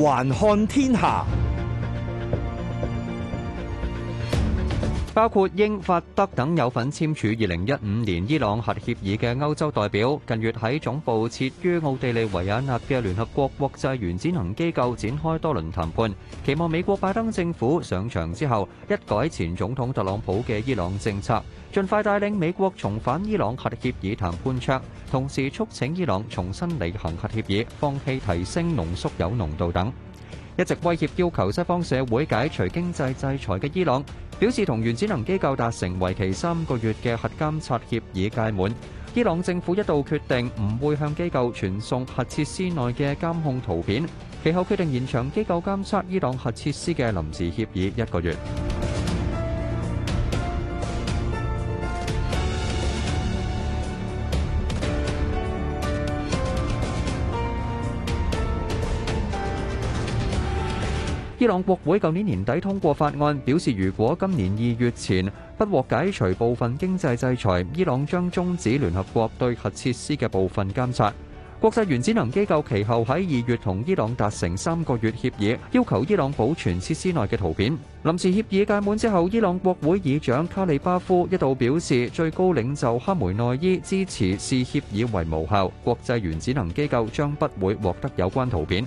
環看天下。包括英、法、德等有份簽署二零一五年伊朗核協議嘅歐洲代表，近月喺總部設於奧地利維也納嘅聯合國國際原子能機構展開多輪談判，期望美國拜登政府上場之後一改前總統特朗普嘅伊朗政策，盡快帶領美國重返伊朗核協議談判桌，同時促請伊朗重新履行核協議，放棄提升濃縮鈾濃度等。一直威脅要求西方社會解除經濟制裁嘅伊朗，表示同原子能機構達成為期三個月嘅核監察協議屆滿。伊朗政府一度決定唔會向機構傳送核設施內嘅監控圖片，其後決定延長機構監測伊朗核設施嘅臨時協議一個月。伊朗國會舊年年底通過法案，表示如果今年二月前不獲解除部分經濟制裁，伊朗將終止聯合國對核設施嘅部分監察。國際原子能機構其後喺二月同伊朗達成三個月協議，要求伊朗保存設施內嘅圖片。臨時協議屆滿之後，伊朗國會議長卡里巴夫一度表示，最高領袖哈梅內伊支持視協議為無效，國際原子能機構將不會獲得有關圖片。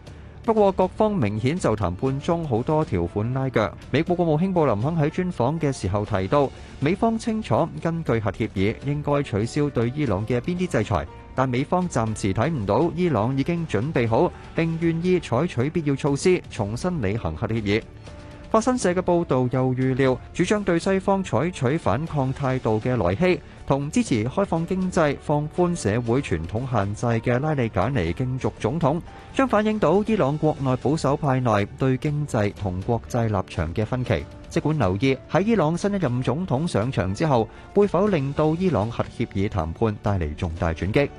不過，各方明顯就談判中好多條款拉鋸。美國國務卿布林肯喺專訪嘅時候提到，美方清楚根據核協議應該取消對伊朗嘅邊啲制裁，但美方暫時睇唔到伊朗已經準備好並願意採取必要措施重新履行核協議。法新社嘅報導又預料，主張對西方採取反抗態度嘅萊希，同支持開放經濟、放寬社會傳統限制嘅拉里·賈尼競逐總統，將反映到伊朗國內保守派內對經濟同國際立場嘅分歧。即管留意喺伊朗新一任總統上場之後，會否令到伊朗核協議談判帶嚟重大轉機？